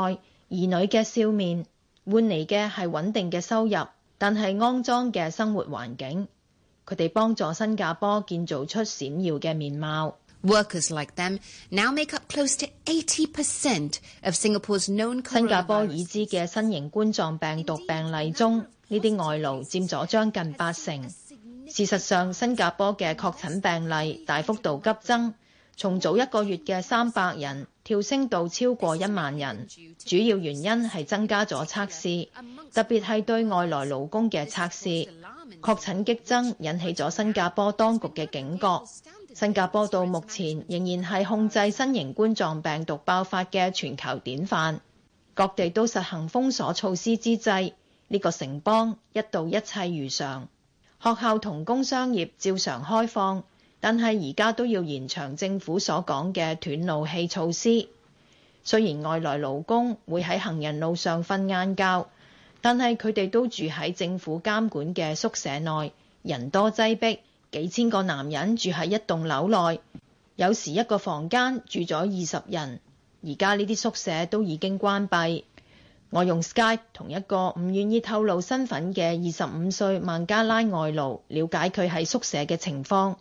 Speaker 10: 兒女嘅笑面，換嚟嘅係穩定嘅收入，但係骯髒嘅生活環境。佢哋幫助新加坡建造出閃耀嘅面貌。Workers like them now make up close to 80% of Singapore's known. 新加坡已知嘅新型冠狀病毒病例中，呢啲外勞佔咗將近八成。事實上，新加坡嘅確診病例大幅度急增，從早一個月嘅三百人跳升到超過一萬人。主要原因係增加咗測試，特別係對外來勞工嘅測試。確診激增引起咗新加坡當局嘅警覺。新加坡到目前仍然係控制新型冠狀病毒爆發嘅全球典範，各地都實行封鎖措施之際，呢個城邦一度一切如常。學校同工商業照常開放，但係而家都要延長政府所講嘅斷路器措施。雖然外來勞工會喺行人路上瞓晏覺，但係佢哋都住喺政府監管嘅宿舍內，人多擠逼，幾千個男人住喺一棟樓內，有時一個房間住咗二十人。而家呢啲宿舍都已經關閉。我用 Skype 同一個唔願意透露身份嘅二十五歲孟加拉外勞了解佢喺宿舍嘅情況。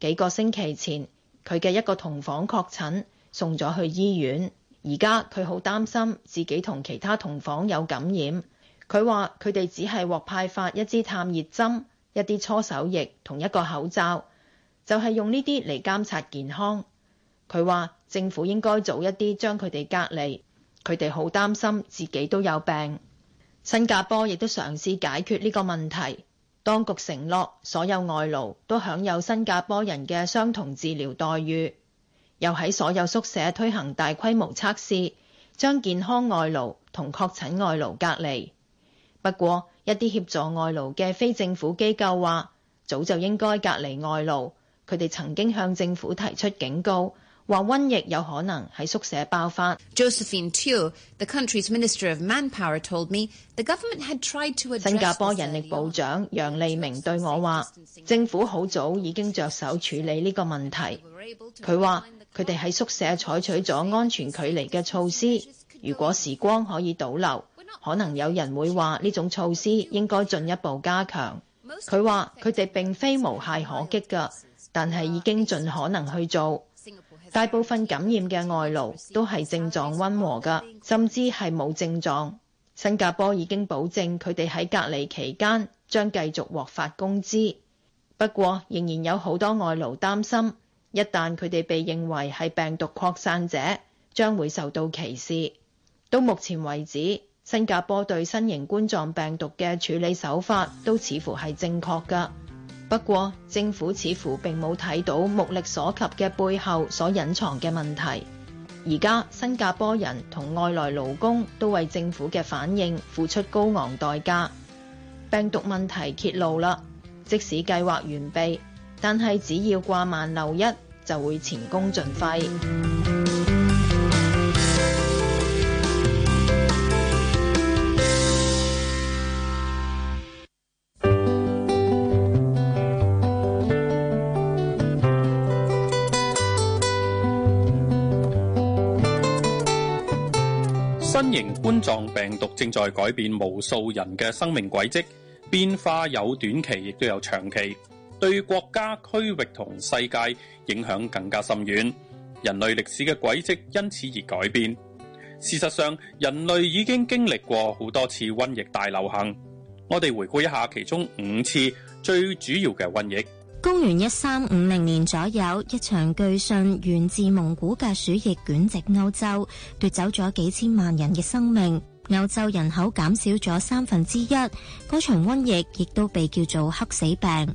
Speaker 10: 幾個星期前，佢嘅一個同房確診，送咗去醫院。而家佢好擔心自己同其他同房有感染。佢話佢哋只係獲派發一支探熱針、一啲搓手液同一個口罩，就係、是、用呢啲嚟監察健康。佢話政府應該早一啲將佢哋隔離。佢哋好擔心自己都有病。新加坡亦都嘗試解決呢個問題，當局承諾所有外勞都享有新加坡人嘅相同治療待遇，又喺所有宿舍推行大規模測試，將健康外勞同確診外勞隔離。不過，一啲協助外勞嘅非政府機構話，早就應該隔離外勞，佢哋曾經向政府提出警告。話瘟疫有可能喺宿舍爆發。Josephine Teo，the country's minister of manpower，told me the government had tried to address。新加坡人力部長楊利明對我話，政府好早已經着手處理呢個問題。佢話佢哋喺宿舍採取咗安全距離嘅措施。如果時光可以倒流，可能有人會話呢種措施應該進一步加強。佢話佢哋並非無懈可擊㗎，但係已經盡可能去做。大部分感染嘅外勞都係症狀溫和㗎，甚至係冇症狀。新加坡已經保證佢哋喺隔離期間將繼續獲發工資，不過仍然有好多外勞擔心，一旦佢哋被認為係病毒擴散者，將會受到歧視。到目前為止，新加坡對新型冠狀病毒嘅處理手法都似乎係正確㗎。不過，政府似乎並冇睇到目力所及嘅背後所隱藏嘅問題。而家新加坡人同外來勞工都為政府嘅反應付出高昂代價。病毒問題揭露啦，即使計劃完備，但係只要掛萬漏一，就會前功盡廢。
Speaker 1: 冠狀病毒正在改變無數人嘅生命軌跡，變化有短期，亦都有長期，對國家區域同世界影響更加深遠。人類歷史嘅軌跡因此而改變。事實上，人類已經經歷過好多次瘟疫大流行。我哋回顧一下其中五次最主要嘅瘟疫。
Speaker 5: 公元一三五零年左右，一場據信源自蒙古嘅鼠疫捲席歐洲，奪走咗幾千萬人嘅生命。歐洲人口減少咗三分之一，嗰場瘟疫亦都被叫做黑死病。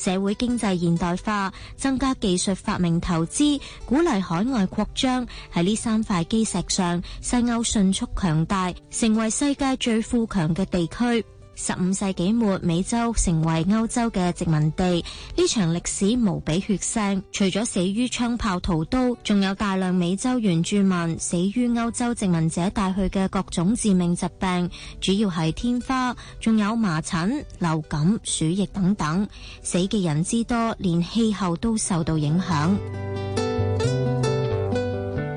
Speaker 5: 社會經濟現代化，增加技術發明投資，鼓勵海外擴張，喺呢三塊基石上，西歐迅速強大，成為世界最富強嘅地區。十五世紀末，美洲成為歐洲嘅殖民地。呢場歷史無比血腥，除咗死於槍炮屠刀，仲有大量美洲原住民死於歐洲殖民者帶去嘅各種致命疾病，主要係天花，仲有麻疹、流感、鼠疫等等。死嘅人之多，連氣候都受到影響。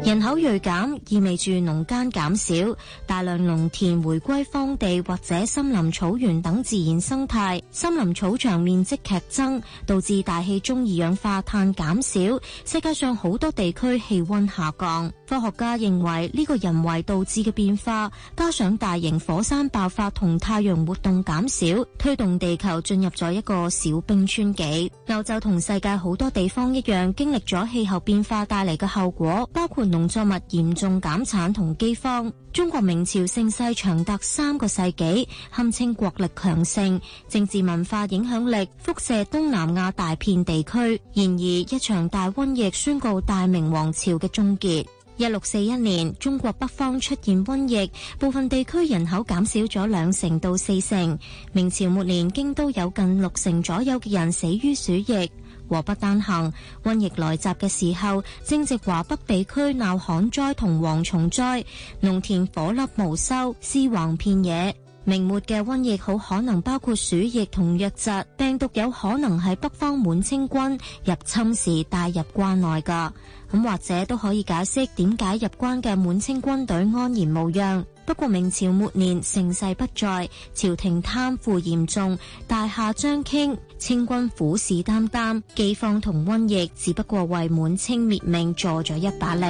Speaker 5: 人口銳減意味住農耕減少，大量農田回歸荒地或者森林草原等自然生態，森林草場面積劇增，導致大氣中二氧化碳減少，世界上好多地區氣溫下降。科學家認為呢個人為導致嘅變化，加上大型火山爆發同太陽活動減少，推動地球進入咗一個小冰川期。歐洲同世界好多地方一樣，經歷咗氣候變化帶嚟嘅後果，包括，農作物嚴重減產同饑荒。中國明朝盛世長達三個世紀，堪稱國力強盛，政治文化影響力輻射東南亞大片地區。然而，一場大瘟疫宣告大明王朝嘅終結。一六四一年，中國北方出現瘟疫，部分地區人口減少咗兩成到四成。明朝末年，京都有近六成左右嘅人死於鼠疫。禍不單行，瘟疫來襲嘅時候，正值華北地區鬧旱災同蝗蟲災，農田顆粒無收，屍橫遍野。明末嘅瘟疫好可能包括鼠疫同瘧疾，病毒有可能係北方滿清軍入侵時帶入關內噶，咁或者都可以解釋點解入關嘅滿清軍隊安然無恙。不過明朝末年盛世不再，朝廷貪腐嚴重，大廈將傾，清軍虎視眈眈，饑荒同瘟疫只不過為滿清滅命助咗一把力。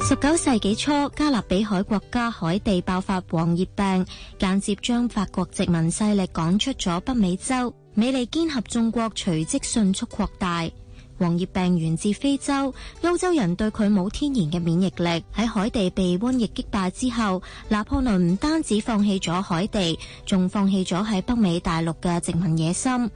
Speaker 5: 十九 世紀初，加勒比海國家海地爆發黃熱病，間接將法國殖民勢力趕出咗北美洲，美利堅合眾國隨即迅速擴大。黃熱病源自非洲，歐洲人對佢冇天然嘅免疫力。喺海地被瘟疫擊敗之後，拿破崙唔單止放棄咗海地，仲放棄咗喺北美大陸嘅殖民野心。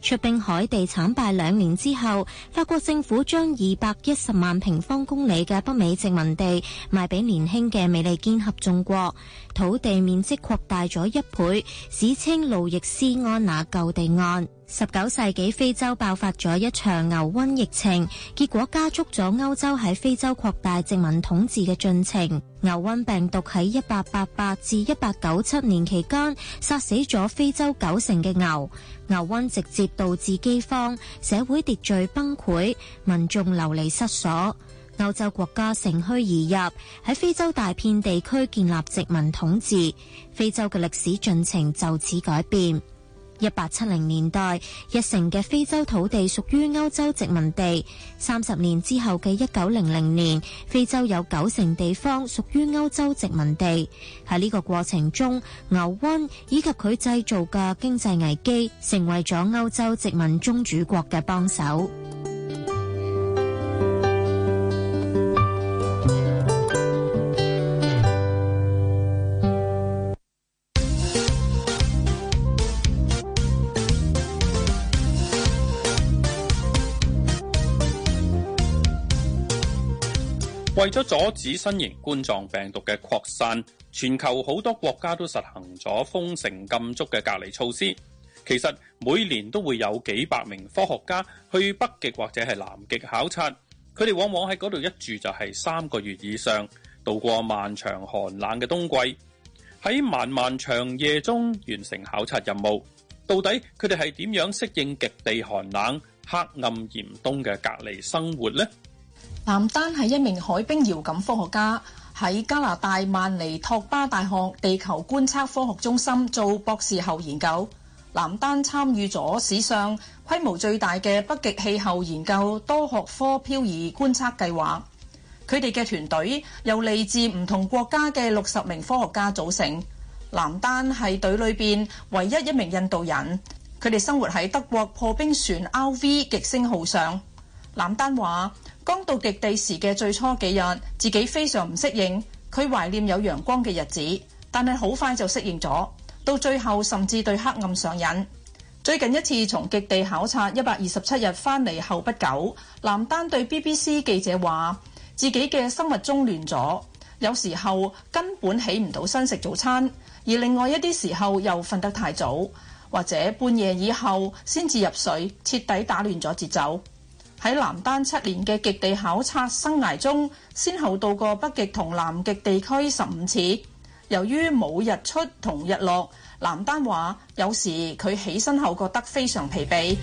Speaker 5: 出兵海地慘敗兩年之後，法國政府將二百一十萬平方公里嘅北美殖民地賣俾年輕嘅美利堅合眾國，土地面積擴大咗一倍，史稱路易斯安那購地案。十九世紀非洲爆發咗一場牛瘟疫情，結果加速咗歐洲喺非洲擴大殖民統治嘅進程。牛瘟病毒喺一八八八至一八九七年期間，殺死咗非洲九成嘅牛。牛瘟直接導致饑荒、社會秩序崩潰、民眾流離失所。歐洲國家乘虛而入，喺非洲大片地區建立殖民統治。非洲嘅歷史進程就此改變。一八七零年代，一成嘅非洲土地屬於歐洲殖民地。三十年之後嘅一九零零年，非洲有九成地方屬於歐洲殖民地。喺呢個過程中，牛瘟以及佢製造嘅經濟危機，成為咗歐洲殖民宗主國嘅幫手。
Speaker 1: 為阻止新型冠狀病毒嘅擴散，全球好多國家都實行咗封城禁足嘅隔離措施。其實每年都會有幾百名科學家去北極或者係南極考察，佢哋往往喺嗰度一住就係三個月以上，度過漫長寒冷嘅冬季，喺漫漫長夜中完成考察任務。到底佢哋係點樣適應極地寒冷、黑暗嚴冬嘅隔離生活呢？
Speaker 6: 南丹係一名海冰遙感科學家，喺加拿大曼尼托巴大學地球觀測科學中心做博士後研究。南丹參與咗史上規模最大嘅北極氣候研究多學科漂移觀測計劃。佢哋嘅團隊由嚟自唔同國家嘅六十名科學家組成。南丹係隊裏邊唯一一名印度人。佢哋生活喺德國破冰船 R.V. 極星號上。南丹話。剛到極地時嘅最初幾日，自己非常唔適應。佢懷念有陽光嘅日子，但係好快就適應咗。到最後甚至對黑暗上癮。最近一次從極地考察一百二十七日返嚟後不久，藍丹對 BBC 記者話：自己嘅生物鐘亂咗，有時候根本起唔到身食早餐，而另外一啲時候又瞓得太早，或者半夜以後先至入睡，徹底打亂咗節奏。喺南丹七年嘅極地考察生涯中，先後到過北極同南極地區十五次。由於冇日出同日落，南丹話有時佢起身後覺得非常疲憊。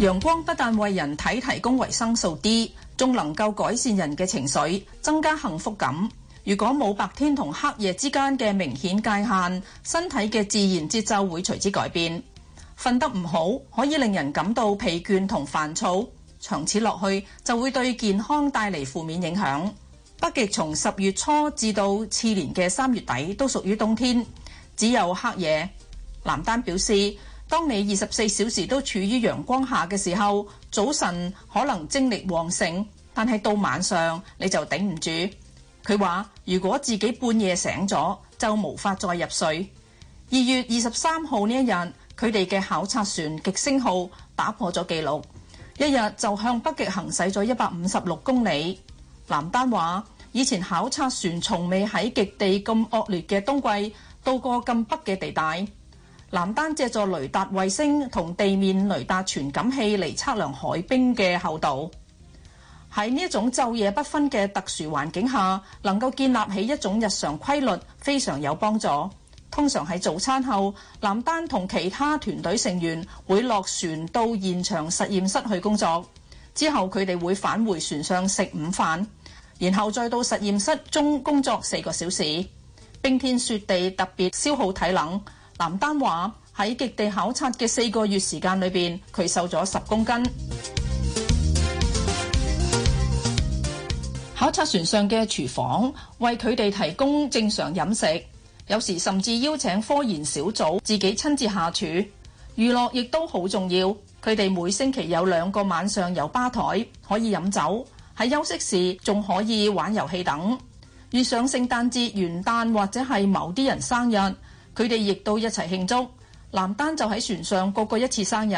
Speaker 6: 陽 光不但為人體提供維生素 D，仲能夠改善人嘅情緒，增加幸福感。如果冇白天同黑夜之間嘅明顯界限，身體嘅自然節奏會隨之改變。瞓得唔好可以令人感到疲倦同煩躁，長此落去就會對健康帶嚟負面影響。北極從十月初至到次年嘅三月底都屬於冬天，只有黑夜。藍丹表示，當你二十四小時都處於陽光下嘅時候，早晨可能精力旺盛，但係到晚上你就頂唔住。佢話：如果自己半夜醒咗，就無法再入睡。二月二十三號呢一日。佢哋嘅考察船極星號打破咗記錄，一日就向北極行駛咗一百五十六公里。南丹話，以前考察船從未喺極地咁惡劣嘅冬季到過咁北嘅地帶。南丹借助雷達衛星同地面雷達傳感器嚟測量海冰嘅厚度。喺呢一種晝夜不分嘅特殊環境下，能夠建立起一種日常規律，非常有幫助。通常喺早餐後，林丹同其他團隊成員會落船到現場實驗室去工作。之後佢哋會返回船上食午飯，然後再到實驗室中工作四個小時。冰天雪地特別消耗體能。林丹話喺極地考察嘅四個月時間裏邊，佢瘦咗十公斤。考察船上嘅廚房為佢哋提供正常飲食。有時甚至邀請科研小組自己親自下廚，娛樂亦都好重要。佢哋每星期有兩個晚上有吧台可以飲酒，喺休息時仲可以玩遊戲等。遇上聖誕節、元旦或者係某啲人生日，佢哋亦都一齊慶祝。藍丹就喺船上過過一次生日。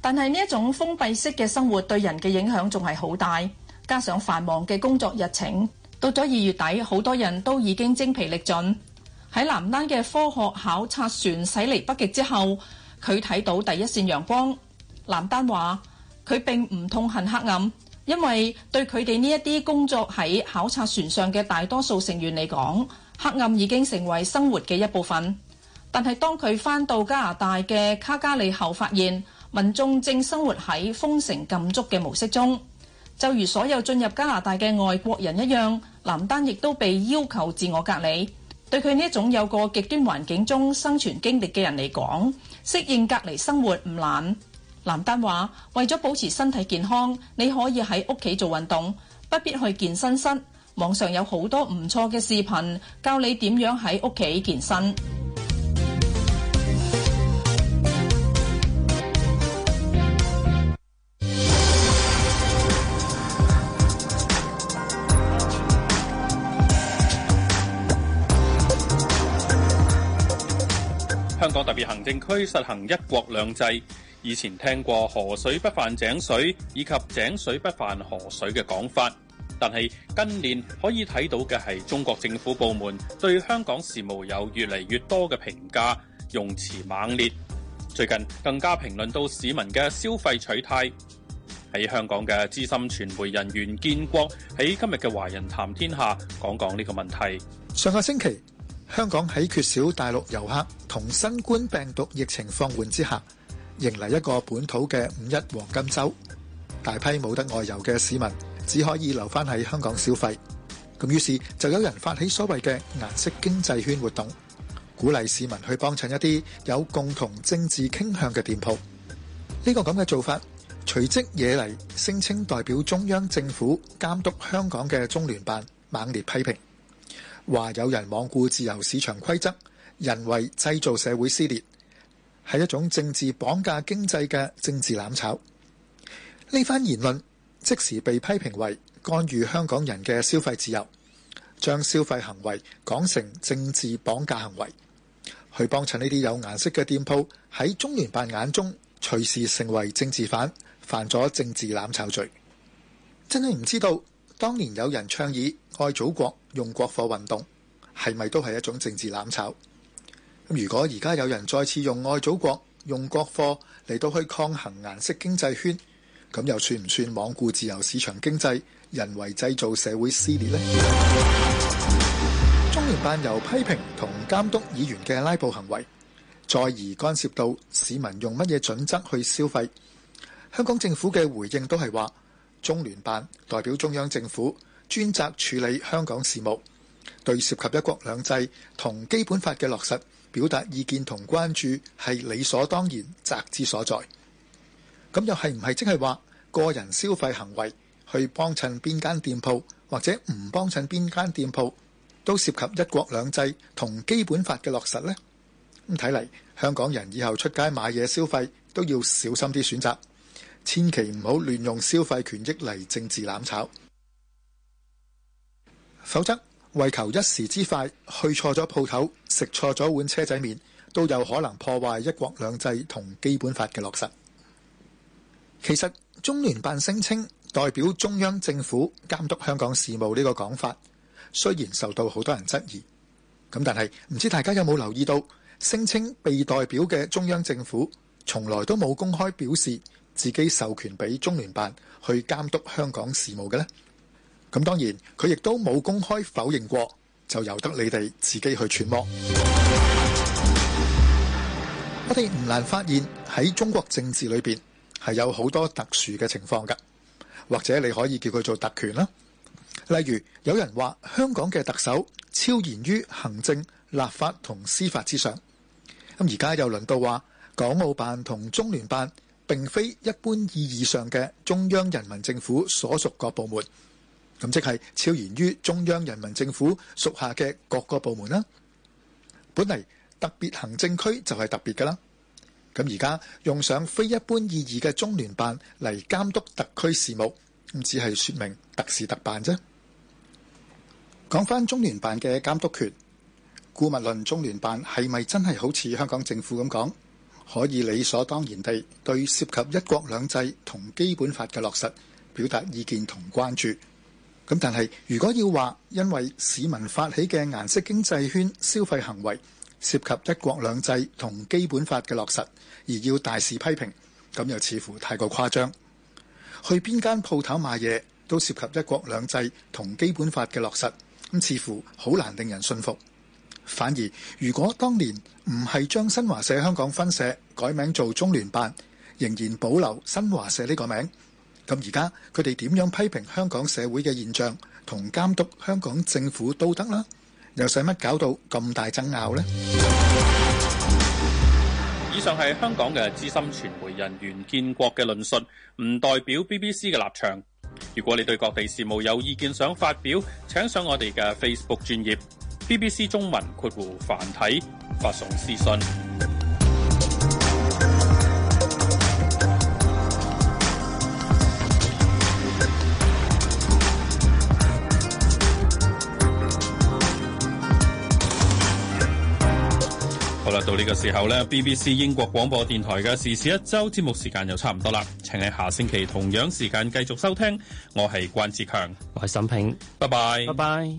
Speaker 6: 但係呢一種封閉式嘅生活對人嘅影響仲係好大，加上繁忙嘅工作日程，到咗二月底，好多人都已經精疲力盡。喺南丹嘅科學考察船駛離北極之後，佢睇到第一線陽光。南丹話：佢並唔痛恨黑暗，因為對佢哋呢一啲工作喺考察船上嘅大多數成員嚟講，黑暗已經成為生活嘅一部分。但係當佢返到加拿大嘅卡加利後，發現民眾正生活喺封城禁足嘅模式中，就如所有進入加拿大嘅外國人一樣。南丹亦都被要求自我隔離。對佢呢一種有個極端環境中生存經歷嘅人嚟講，適應隔離生活唔難。藍丹話：為咗保持身體健康，你可以喺屋企做運動，不必去健身室。網上有好多唔錯嘅視頻教你點樣喺屋企健身。
Speaker 1: 香港特別行政區實行一國兩制，以前聽過河水不犯井水以及井水不犯河水嘅講法，但係今年可以睇到嘅係中國政府部門對香港事務有越嚟越多嘅評價，用詞猛烈。最近更加評論到市民嘅消費取態。喺香港嘅資深傳媒人袁建國喺今日嘅華人談天下講講呢個問題。
Speaker 11: 上個星期。香港喺缺少大陸遊客同新冠病毒疫情放緩之下，迎嚟一個本土嘅五一黃金周，大批冇得外遊嘅市民只可以留翻喺香港消費，咁於是就有人發起所謂嘅顏色經濟圈活動，鼓勵市民去幫襯一啲有共同政治傾向嘅店鋪，呢個咁嘅做法，隨即惹嚟聲稱代表中央政府監督香港嘅中聯辦猛烈批評。話有人罔顧自由市場規則，人為製造社會撕裂，係一種政治綁架經濟嘅政治攬炒。呢番言論即時被批評為干預香港人嘅消費自由，將消費行為講成政治綁架行為，去幫襯呢啲有顏色嘅店鋪，喺中聯辦眼中隨時成為政治犯，犯咗政治攬炒罪。真係唔知道當年有人倡議。愛祖國用國貨運動係咪都係一種政治攬炒？如果而家有人再次用愛祖國用國貨嚟到去抗衡顏色經濟圈，咁又算唔算罔顧自由市場經濟，人為製造社會撕裂呢？中聯辦由批評同監督議員嘅拉布行為，再而干涉到市民用乜嘢準則去消費。香港政府嘅回應都係話，中聯辦代表中央政府，專責處理香港事務，對涉及一國兩制同基本法嘅落實，表達意見同關注係理所當然、責之所在。咁又係唔係？即係話個人消費行為去幫襯邊間店鋪或者唔幫襯邊間店鋪，都涉及一國兩制同基本法嘅落實呢？咁睇嚟，香港人以後出街買嘢消費都要小心啲選擇，千祈唔好亂用消費權益嚟政治攬炒。否則，為求一時之快，去錯咗鋪頭，食錯咗碗車仔麵，都有可能破壞一國兩制同基本法嘅落實。其實，中聯辦聲稱代表中央政府監督香港事務呢個講法，雖然受到好多人質疑，咁但係唔知大家有冇留意到，聲稱被代表嘅中央政府，從來都冇公開表示自己授權俾中聯辦去監督香港事務嘅呢？咁當然，佢亦都冇公開否認過，就由得你哋自己去揣摩。 我哋唔難發現喺中國政治裏邊係有好多特殊嘅情況嘅，或者你可以叫佢做特權啦。例如有人話香港嘅特首超然於行政、立法同司法之上。咁而家又輪到話，港澳辦同中聯辦並非一般意義上嘅中央人民政府所屬各部門。咁即係超然於中央人民政府屬下嘅各個部門啦。本嚟特別行政區就係特別㗎啦，咁而家用上非一般意義嘅中聯辦嚟監督特區事務，唔只係説明特事特辦啫。講返中聯辦嘅監督權，姑勿論中聯辦係咪真係好似香港政府咁講，可以理所當然地對涉及一國兩制同基本法嘅落實表達意見同關注。咁但係，如果要話，因為市民發起嘅顏色經濟圈消費行為涉及一國兩制同基本法嘅落實，而要大肆批評，咁又似乎太過誇張。去邊間鋪頭買嘢都涉及一國兩制同基本法嘅落實，咁似乎好難令人信服。反而，如果當年唔係將新華社香港分社改名做中聯辦，仍然保留新華社呢個名。咁而家佢哋點樣批評香港社會嘅現象，同監督香港政府都得啦，又使乜搞到咁大爭拗咧？
Speaker 1: 以上係香港嘅資深傳媒人袁建國嘅論述，唔代表 BBC 嘅立場。如果你對各地事務有意見想發表，請上我哋嘅 Facebook 專頁 BBC 中文括弧繁體發送私信。好啦，到呢個時候呢 BBC 英國廣播電台嘅時事一周節目時間又差唔多啦，請喺下星期同樣時間繼續收聽。我係關志強，我係沈平，拜拜 bye，拜拜。